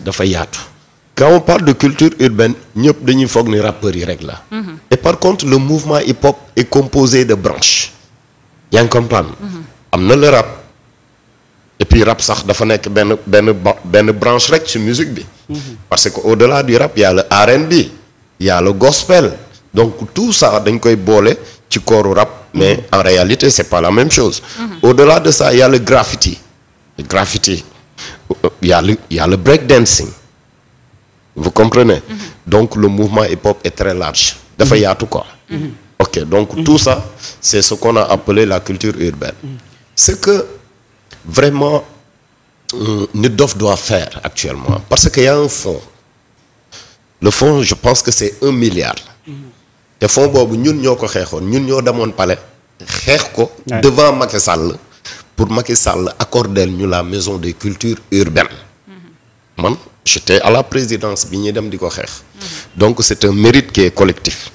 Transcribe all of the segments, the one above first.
dafa yaatu. quand on parle de culture urbaine ñëpp dañuy foog ni rappeurs yi rek la. Mm-hmm. et par contre le mouvement hip hop est composé de branches. yaa ngi mm-hmm. am na le rap. et puis rap sax dafa nekk benn benn benn branche rek ci musique bi. Mm-hmm. parce que au delà du rap il y a yàlla R&B. gospel. donc tout ça dañ koy boole ci kooru rap. mais en réalité c'est pas la même chose. au delà de ça yàlla y a graffiti. graffiti. y a le y a le break dancing vous comprenez. Mhm. donc le mouvement hip-hop est très large. dafa mhm. yaatu ko mhm. ok donc tout ça c'est ce qu'on a appelé la culture urbaine. ce que vraiment euh, Nitdoff doit faire actuellement parce que y a un fonds le fonds je pense que c'est un milliard. te fonds boobu ñun ñoo ko xeexoon ñun ñoo demoon palais xeex ko devant Macky Sall. pour Macky Sall accorder ñu la maison des cultures urbaines mm-hmm. man mmh. j'étais à la présidence bi ñuy dem di ko xeex mm-hmm. donc c'est un mérite qui est collectif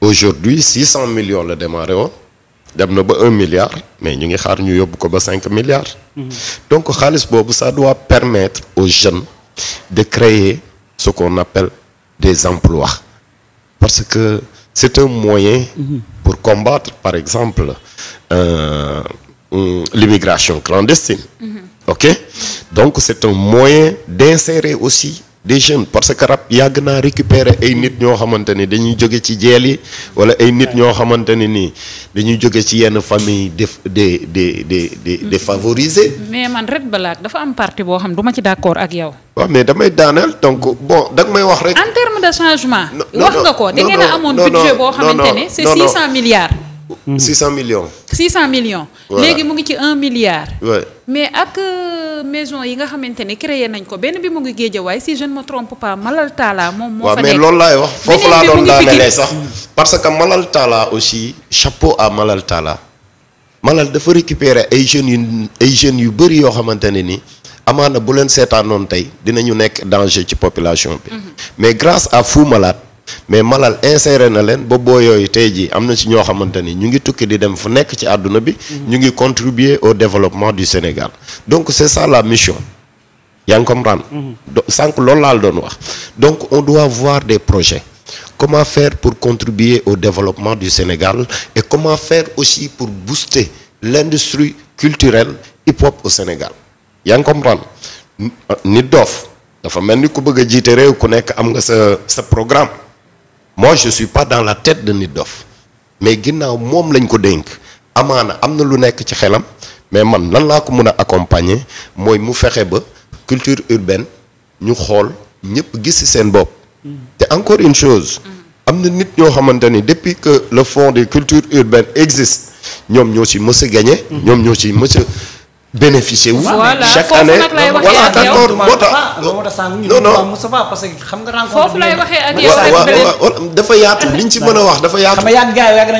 aujourd'hui six cent millions la démarré woon dem na ba un milliard mais ñu ngi xaar ñu yóbbu ko ba cinq milliards mm-hmm. donc xaalis boobu ça doit permettre aux jeunes de créer ce qu'on appelle des emplois parce que c'est un moyen pour combattre par exemple euh, l'immigration clandestine. Mm-hmm. ok donc c'est un moyen d'insérer aussi des jeunes parce que rab yàgg naa récupérer ay nit ñoo xamante ni dañuy jóge ci jeel yi wala ay nit ñoo xamante ne nii dañuy jóge ci yenn famille de de de de mm-hmm. défavorisé. mais man Red Black dafa am parti boo xam duma ci d'accord ak yow. waaw mais damay daaneel donc bon danga may wax rek. en termes de changement. wax nga ko da a amoon budget boo xamante ne c'est 600 milliards. 600 mhm. millions. 600 millions. voilà léegi mu ngi ci 1 milliard. oui mais ak euh, maison yi nga xamante ni créer nañ ko benn bi mu ngi Géejawaay si je ne me trompe pas Malal Talla moom. moo fa nekk waaw loolu laay wax foofu laa doon daanelee sax. parce que Malal Talla aussi chapeau à Malal Talla Malal dafa récupérer ay jeunes yu ay jeunes yu bëri yoo xamante ne ni. amaana bu leen seetaanoon tey dina ñu nekk danger ci population bi. Mhm. mais grâce à Fou Malade. mais malal inséré na leen ba boo yooyu tey jii am na si ñoo xamante ni ñu ngi tukki di dem fu nekk ci àdduna bi. Mhm. ñu ngi contribuer au développement du Sénégal donc c'est ça la mission. yaa ngi comprendre. Mhm. sànq loolu laal doon wax donc on doit voir des projets. comment fair pour contribuer au développement du Sénégal et comment faire aussi pour booster l'industrie culturelle hip-hop au Sénégal yaa ngi nit doof dafa mel ni ku bëgg a jiite réew ku nekk am nga sa sa programme. moi je suis pas dans la tête de Nit Doff mais ginnaaw moom lañ ko dénk amaana am na lu nekk ci xelam mais man lan laa ko mën a accompagner mooy mu fexe ba culture urbaine ñu xool ñëpp gis ci seen bopp. Mm. te encore une chose. Mm. am na nit ñoo xamante ni depuis que le fond des cultures urbaines existe ñoom ñoo ci mës a mm. ñoom ñoo ci mës bénéficier wu. voilà chaque année voilà d'accord moo tax ah, moo tax non non parce que xam nga foofu lay dafa yaatu li ñu ci mën a wax dafa yaatu.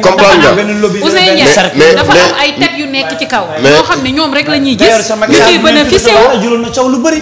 comprendre nga mais dafa am nekk ci kaw. mais ñoo xam ne ñoom rek la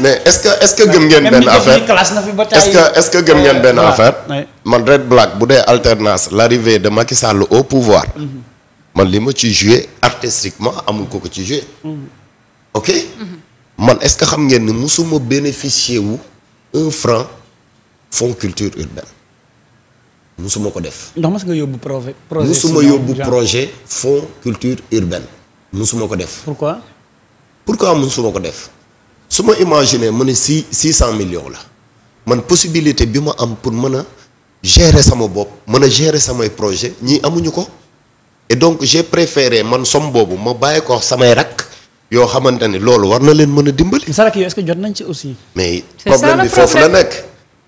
mais est-ce que est-ce que gëm ngeen benn affaire est-ce que est ngeen benn affaire. man Red Black bu dee alternance l'arrivée de Macky Sall au pouvoir. Mm-hmm. man li ma ci joué artistiquement amul ko ko ci joué. Mm-hmm. ok man est-ce que xam ngeen ni musuma bénéficier wu un franc fonds culture urbaine musuma ko def. ndax mos nga yóbbu projet. projet musuma yóbbu projet fonds culture urbaine musuma ko def. pourquoi. pourquoi musuma ko def su ma imaginer mu ne six six cent millions la man possibilité bi ma am pour mën a gérer sama bopp mën a gérer samay projet ñii amuñu ko et donc j'ai préféré man somme boobu ma bàyyi ko samay rak yoo xamante ni loolu war na leen mën a dimbali. sarak yooyu est jot nañ ci aussi. mais problème bi foofu la nekk.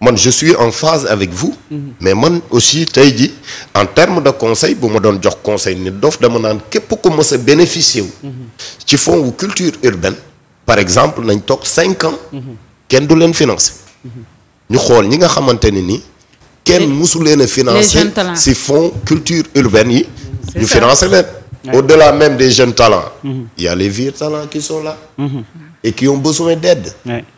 man je suis en phase avec vous. Mhm. mais man aussi tey ji en terme de conseil bu ma doon jox conseil ni dof dama naan képp ko mës a bénéficier wu. Mhm. ci fonds wu culture urbaine. par exemple nañ toog cinq ans. Mhm. kenn du leen financer. ñu xool ñi nga xamante ni kenn mosu leen a financer si fonds culture urbaine yi. ñu financer leen. Au-delà même des jeunes talents. Mhm. il y a les vieux talents qui sont là. Mhm. et qui ont besoin d'aide.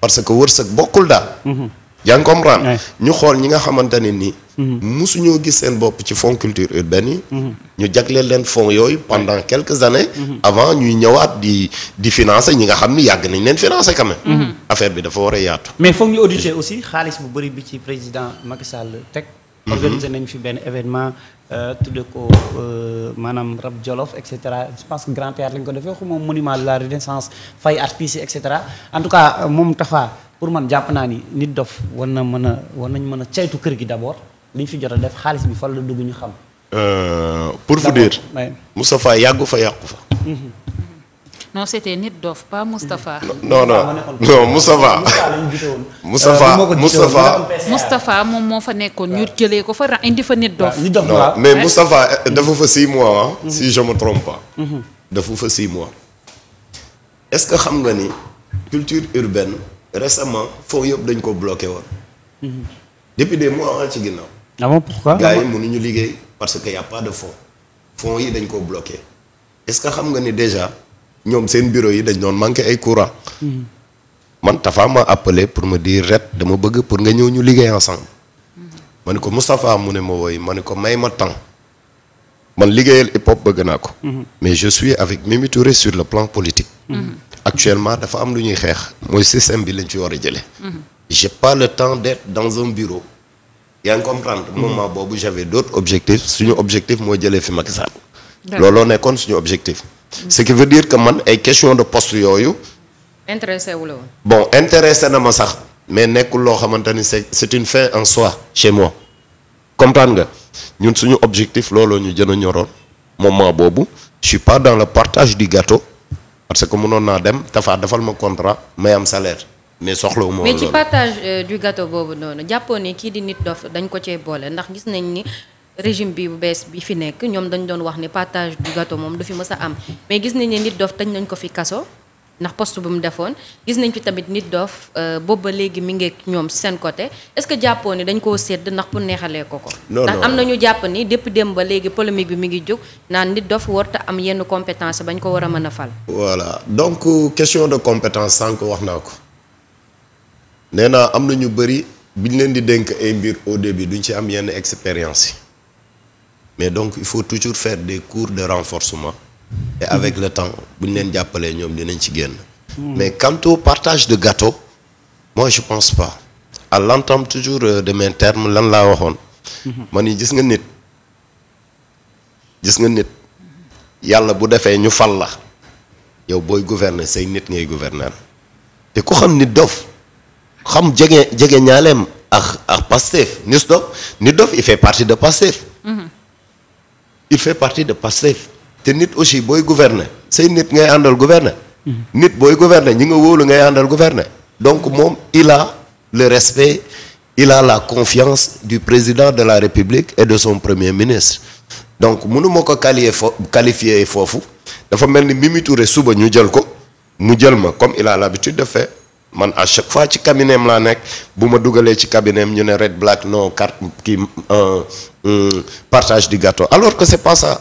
parce que wërsëg bokkul daal. Mhm. yaa ngi comprendre ñu xool ñi nga xamante ne nii. musuñoo gis seen bopp ci fonds culture urbaine ñu jagleel leen fonds yooyu pendant quelques années. avant ñuy ñëwaat di di ñi nga xam ni yàgg nañ leen financer quand même. bi dafa war a yaatu. mais foog ñu auditer aussi xaalis bu bëri bi ci président Macky teg. Mhm. organisé nañ fi benn événement euh, tudde ko euh, maanaam rab jolof et cetera je pense que grand théâtre lañ ko defee xuma monument de la renaissance fay artiste et cetera en tout cas euh, moom Tafa pour man jàpp naa ni nit dof war na mën a war nañ mën a caytu kër gi d' abord li ñu fi jot a def xaalis bi fan la dugg ñu xam. pour vous dire. Moustapha yàggu fa yàqu fa. Mhm. non c'était nit dof pas Moustapha. non euh, moom moo fa nekkoon ñu jëlee ko fa indi fa nit dof. mais Moustapha euh, dafa fa six mois mhm. si je me trompe pas. Mhm. fa six mois. est-ce que xam nga ni culture urbaine récemment foofu yëpp dañ ko bloqué woon. Mhm. depuis des mois an ci ginnaaw. ah bon pourquoi gars liggéey parce que y a pas de fonds fonds yi dañ ko bloqué est-ce que xam nga ni déjà. ñoom seen biro yi dañ doon manqué ay courant. man dafa am ma appelé pour ma diir ret dama bëgg pour nga ñëw ñu liggéey ensemble. ma ne ko Moustapha mu ne ma woy ma ne ko may ma temps man liggéeyal hip hop bëgg naa ko. Mhm. mais je suis avec Mimi Touré sur le plan politique. Mhm. actuellement dafa am lu ñuy xeex. mooy système bi lañ ci war a jëlee. Mhm. je pas le temps d'être dans un bureau. yaa moment boobu j'avais d'autres objectifs suñu objectif mooy jëlee fi Macky Sall. looloo nekkoon suñu objectif. ce qui veut dire que man ay question de poste yooyu. intéressé wu la woon. bon intéressé na ma sax mais nekkul loo xamante ni c'est c'est une fin en soi chez moi comprendre nga ñun suñu objectif looloo ñu jën a ñoroon moment boobu je suis pas dans le partage du gâteau parce que mënoon naa dem dafa defal ma contrat may am salaire. mais soxla ma mais ci partage euh, du kii di nit dof dañ ko cee boole ndax gis nañ ni régime bi bu bees bi fi nekk ñoom dañu doon wax ni partage du gâteau moom du fi mës am mais gis nañ ne nit doof dañ nañ ko fi kaso ndax poste bu mu defoon gis nañ fi tamit nit dof euh, booba léegi mi ngeek ñoom seen côté est-ce que jàppoo ni dañ koo sédd ndax pour neexalee ko ko ndax am nañu jàpp ni depuis démb ba léegi polémique bi mi ngi jóg naan nit dof warta am yenn compétence bañ ko war a mën a fal voilà donc question de compétence sànq wax naa ko nee naa am na ñu bëri biñ leen di dénk ay mbir au début duñ ci am yenn expérience yi mais donc il faut toujours faire des cours de renforcement et avec le temps bu ñu leen jàppalee ñoom dinañ ci génn mais quant partage de gâteau moi je pense pas à l'entame toujours euh, de mes termes lan laa waxoon ma ni gis nga nit gis nga nit yàlla bu defee ñu fal la yow booy gouverner say nit ngay gouverner te ku xam nit dof xam jege jege ñaaleem ak ak Pastef nit dof nit dof il fait partie de Pastef mhm. il fait partie de Pastef te nit aussi booy gouverner say nit ngay àndal gouverner. Mhm. nit booy gouverner ñi nga wóolu ngay àndal gouverner. donc moom il le respect il la confiance du président de la République et de son premier ministre donc mënu ko qualifier fo qualifier foofu dafa mel ni Mimi suba ñu jël ko mu jël ma comme il a l'habitude de faire. man à chaque fois ci cabinet laa nekk bu ma dugalee ci cabinet ñu ne red black non carte kii euh, euh, partage du gâteau alors que c'est pas ça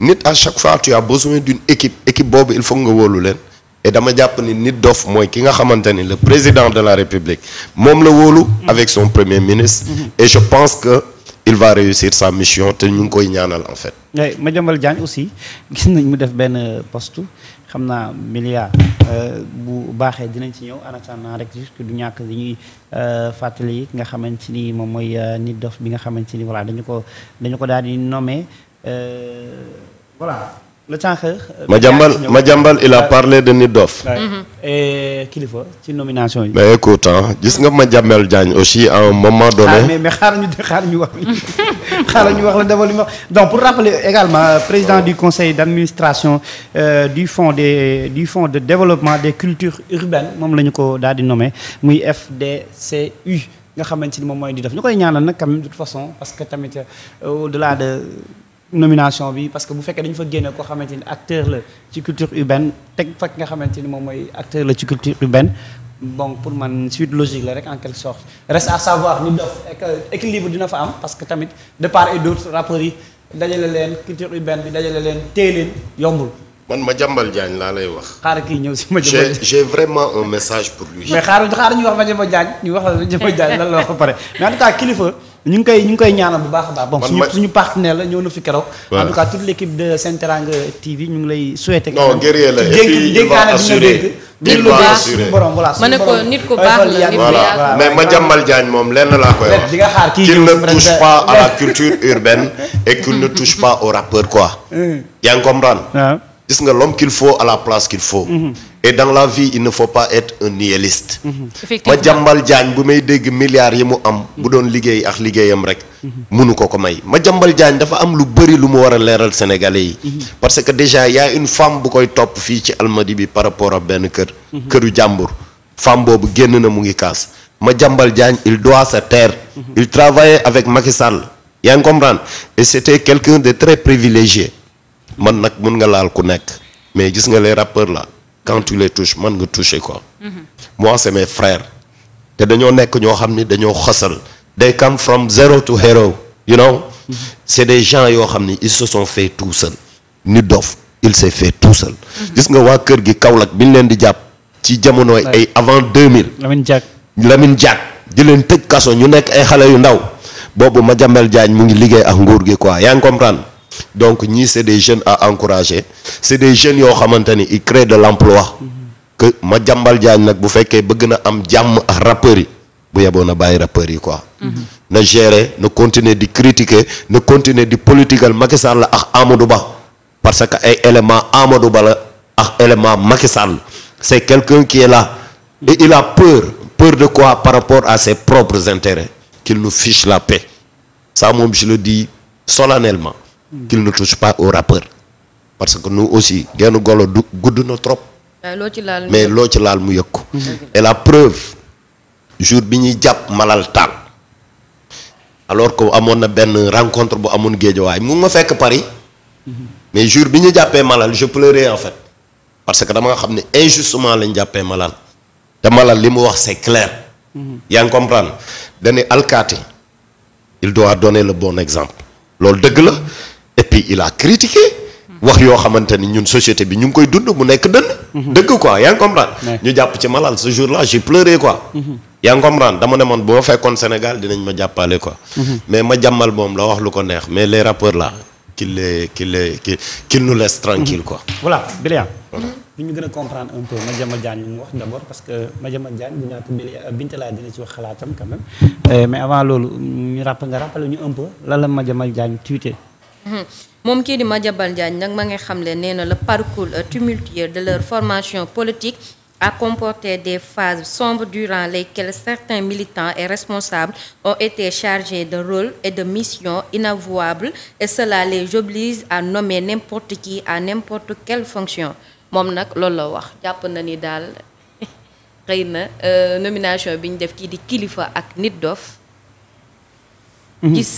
nit à chaque fois tu as besoin d'une équipe équipe boobu il faut nga wóolu leen et dama jàpp ni nit dof mooy ki nga xamante ni le président de la république moom la wóolu avec son premier ministre mm-hmm. et je pense que il va réussir sa mission te ñu ngi koy ñaanal en fait Madiambal Diagne aussi gis nañ mu def benn poste xam naa milliard euh, bu baaxee dinañ ci ñëw en attendant rek juste du ñàkk dañuy euh, fàttali yi nga xamante ni moom mooy euh, nit dof bi nga xamante ni voilà dañu ko dañu ko daal di nommé voilà. le ma jàmbal ma jàmbal il a parlé de nit dof. Mm-hmm. kilifa ci nomination yi. mais écoute gis nga ma jàmbal Diagne aussi à moment donné. Ah, mais xaar ñu xaar ñu wax. xaaral ñu wax la d'abord li ma wax donc pour rappeler également euh, président du conseil d'administration euh, du fonds de du fonds de développement des cultures urbaines moom la ñu ko daal di nommé muy FDCU nga xamante ni moom mooy di def ñu koy ñaana nag quand de toute façon parce que tamit euh, au-delà de nomination bi parce que bu fekkee dañu fa génne koo xamante ni acteur la ci culture urbaine teg fa nga xamante ni moom acteur la ci culture urbaine donc pour man suite logique la rek en quelque sorte reste à savoir ni dof équilibre dina fa am parce que tamit de part et d'autre rappeurs dajale leen culture benn bi dajale leen téye leen yombul. man Madiambal Diagne laa lay wax. xaaral kii ñëw si Madiambal Diagne j'ai vraiment un message pour lui. mais xaaral xaaral ñu wax Madiambal Diagne ñu wax Madiambal Diagne lan la wax a pare mais en tout kilifa. ñu ngi koy ñu ngi koy ñaanal bu baax a baax. bon suñu suñu partenaire la ñëw na fi keroog. en tout cas toute l' équipe de Sen TV ñu ngi lay souhaiter. non guerrier la et puis il va assurer il va assurer borom voilà. ma ne ko nit ku baax la nit ku voilà mais Madiambal Diagne moom lenn laa koy wax. di nga xaar kii qu'il ne touche pas à la culture urbaine et qu'il ne touche pas au rappeur quoi. Mm. yaa ngi gis nga l'homme qu'il faut à la place qu'il faut mhm. et dans la vie il ne faut pas être un nihiliste mhm. ma jàmbal jaañ bu may dégg milliards yi mu am bu doon liggéey ak liggéeyam rek mënu mhm. ko ko may ma jàmbal jaañ dafa am lu bëri lu mu war a leeral sénégalais yi parce que déjà y une femme bu koy topp fii ci almadi bi par rapport ak benn kër këru jàmbur femme boobu génn na mu ngi kaas ma jàmbal jaañ il doit se taire il travaillait avec Macky Sall yaa ngi comprendre et c'était quelqu'un de très privilégié man nag mun nga laal ku nekk mais gis nga les rappeur la quand tu man nga toucher ko mm-hmm. moi c'est mes frères. te dañoo nekk ñoo xam ni dañoo xosal. they come from zero to hero. you know. Mm-hmm. c'est des gens yoo xam ni ils se sont fait tout seul. Nit Doff il s'est fait tout mm-hmm. gis nga waa kër gi Kaolack bi ñu leen di jàpp. ci jamonoy ay avant 2000. Lamine Diack Lamine Diack di leen tëj kaso ñu nekk ay xale yu ndaw. boobu ma Madiambal Diagne mu ngi liggéey ak nguur gi quoi yaa ngi comprendre. donc ñii c'est des jeunes à encourager c'est des jeunes yoo xamante ni ils créent de l'emploi que ma jàmbal jaañ nag bu fekkee bëgg na am jàmm ak rappeurs yi bu yeboo na bàyyi rappeurs yi quoi mhm. na gérer na continuer di critiquer na continuer di political Macky Sall la ak Amadou Ba parce que ay élément Amadou Ba la ak élément Macky Sall c'est quelqu'un qui est là et il a peur peur de quoi par rapport à ses propres intérêts qu'il nous fiche la paix ça moom je le dis solennellement qu'il ne touche pas aux rappeurs parce que nous aussi genn golo du gudd na trop mais loo ci laal mu yëg ko mm-hmm. mm-hmm. et la preuve jour bi ñuy jàpp malal taal alors que amoon na benn rencontre bu amoon géejawaay mu ma fekk Paris mm-hmm. mais jour bi ñu jàppee malal je pleurais en fait parce que dama nga xam ne injustement lañ jàppee malal te malal li mu wax c'est clair yaa ngi comprendre dañu alkaati il doit donner le bon exemple loolu dëgg la puis il a critiqué wax yoo xamante ni ñun société bi ñu ngi koy dund mu nekk dënn dëgg quoi yaa ngi ñu jàpp ci malal ce jour là j'ai pleuré quoi mhm. yaa ngi dama ne man boo fekkoon Sénégal dinañ ma jàppale quoi mhm. ma jàmmal moom la wax lu ko neex mais les rappeurs là qu'il les qu'il les qu'il nous laisse tranquille quoi mhm. voilà Bilia bu ñu gën a comprendre un peu Madiama Diagne li mu wax d' parce que Madiama Diagne bu Bintalaay dina ci wax xalaatam quand euh, mais avant loolu ñu ràpp moom kii di ma Madiambal Diagne nag ma ngi xam le nee na le parcours euh, tumultueux de leur formation politique à comporté des phases sombres durant lesquelles certains militants et responsables ont été chargés de rôles et de missions inavouables et cela les oblige à nommer n'importe qui à n'importe quelle fonction moom nag loolu la wax jàpp na ni daal xëy na euh, nomination bi ñu def kii di kilifa ak nit dof Mhm. gis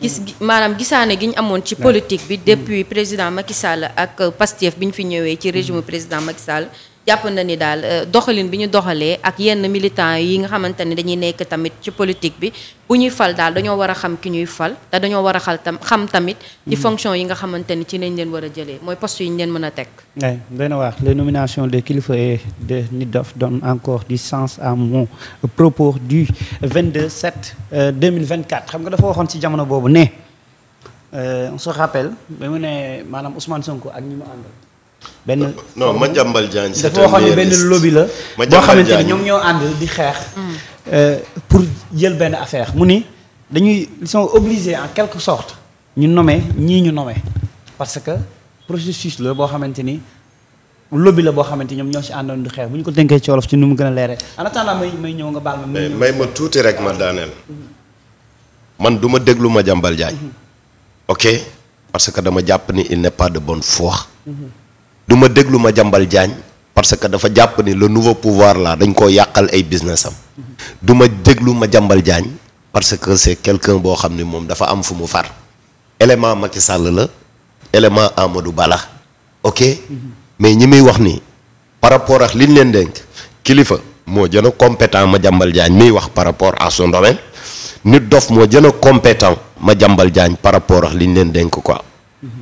gis maanaam gisaane gi ñu amoon ci politique bi mhm. depuis président Macky Sall ak Pastef bi ñu fi ñëwee ci régime mhm. président Macky Sall jàpp na ni daal euh, doxalin bi ñu doxalee ak yenn militant yi nga xamante ne dañuy nekk tamit ci politique bi bu ñuy fal daal dañoo war a xam ki ñuy fal te dañoo war a xal tam xam tamit ci mm. fonction yi nga xamante ni ci lañ leen war a jëlee mooy poste yi ñu leen mën a teg ay na wax les nominations des kilifa et de Nit Doff donnent encore du sens à mon propos du 22 7 euh, xam nga dafa waxoon ci jamono boobu ne euh, on se rappelle ba mu ne maanaam Ousmane Sonko ak ñi mu àndal benn non ma Diagne dafa waxoon ne benn lobby la boo xamante ne ñoom ñoo ànd di xeex mm. euh, pour jël benn affaire mu ni dañuy ils sont obligés en quelque sorte ñu nommer ñii ñu nommer parce que processus la boo xamante ni lobby la boo xamante ñoom ñoo ci àndoon di xeex bu ñu ko dénkee ci ci nu mu gën a leere en may may ñëw nga baal ma may ma tuuti rek ma daaneel man du ma déglu Madiambal Diagne mm-hmm. ok parce que dama jàpp ni il n'est pas de bonne foi mm-hmm. du ma déglu ma jàmbal jaañ parce que dafa jàpp ni la nouveau pouvoir laa dañ koo yàqal ay business am du ma déglu ma jàmbal jaañ parce que c'est quelqu'un boo xam ni moom dafa am fu mu far élément Macky sàll la élément Amadou du la ok mais ñi muy wax ni par rapport ak liñ leen dénk kilifa moo jën a compétent ma jàmbal jaañ miy wax par rapport à son domaine nit dof moo gën a compétent ma jàmbal jaañ par rapport ak liñ leen dénk quoi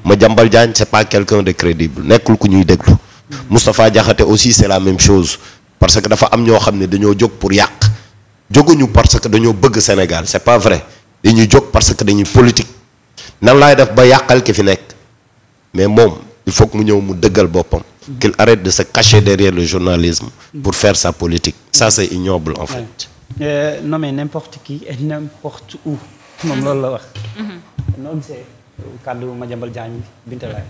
ma jàmbal Diagne c'est pas quelqu'un de crédible nekkul ko ñuy déglu Moustapha Diakhaté aussi c'est la même chose parce que dafa am ñoo xam ne dañoo jóg pour yàq jóguñu parce que dañoo bëgg Sénégal c'est pas vrai dañuy jóg parce que dañuy politique nan laay def ba yàqal ki fi nekk mais moom il faut mu ñëw mu dëggal boppam qu'il arrête de sa cacher derrière le journalisme pour faire sa politique ça c'est ignoble en fait euh, nommer n'importe qui et kàddu Madiambal Diagne Binta Laye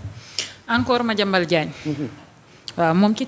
encore Madiambal Diagne mm-hmm. waaw moom ci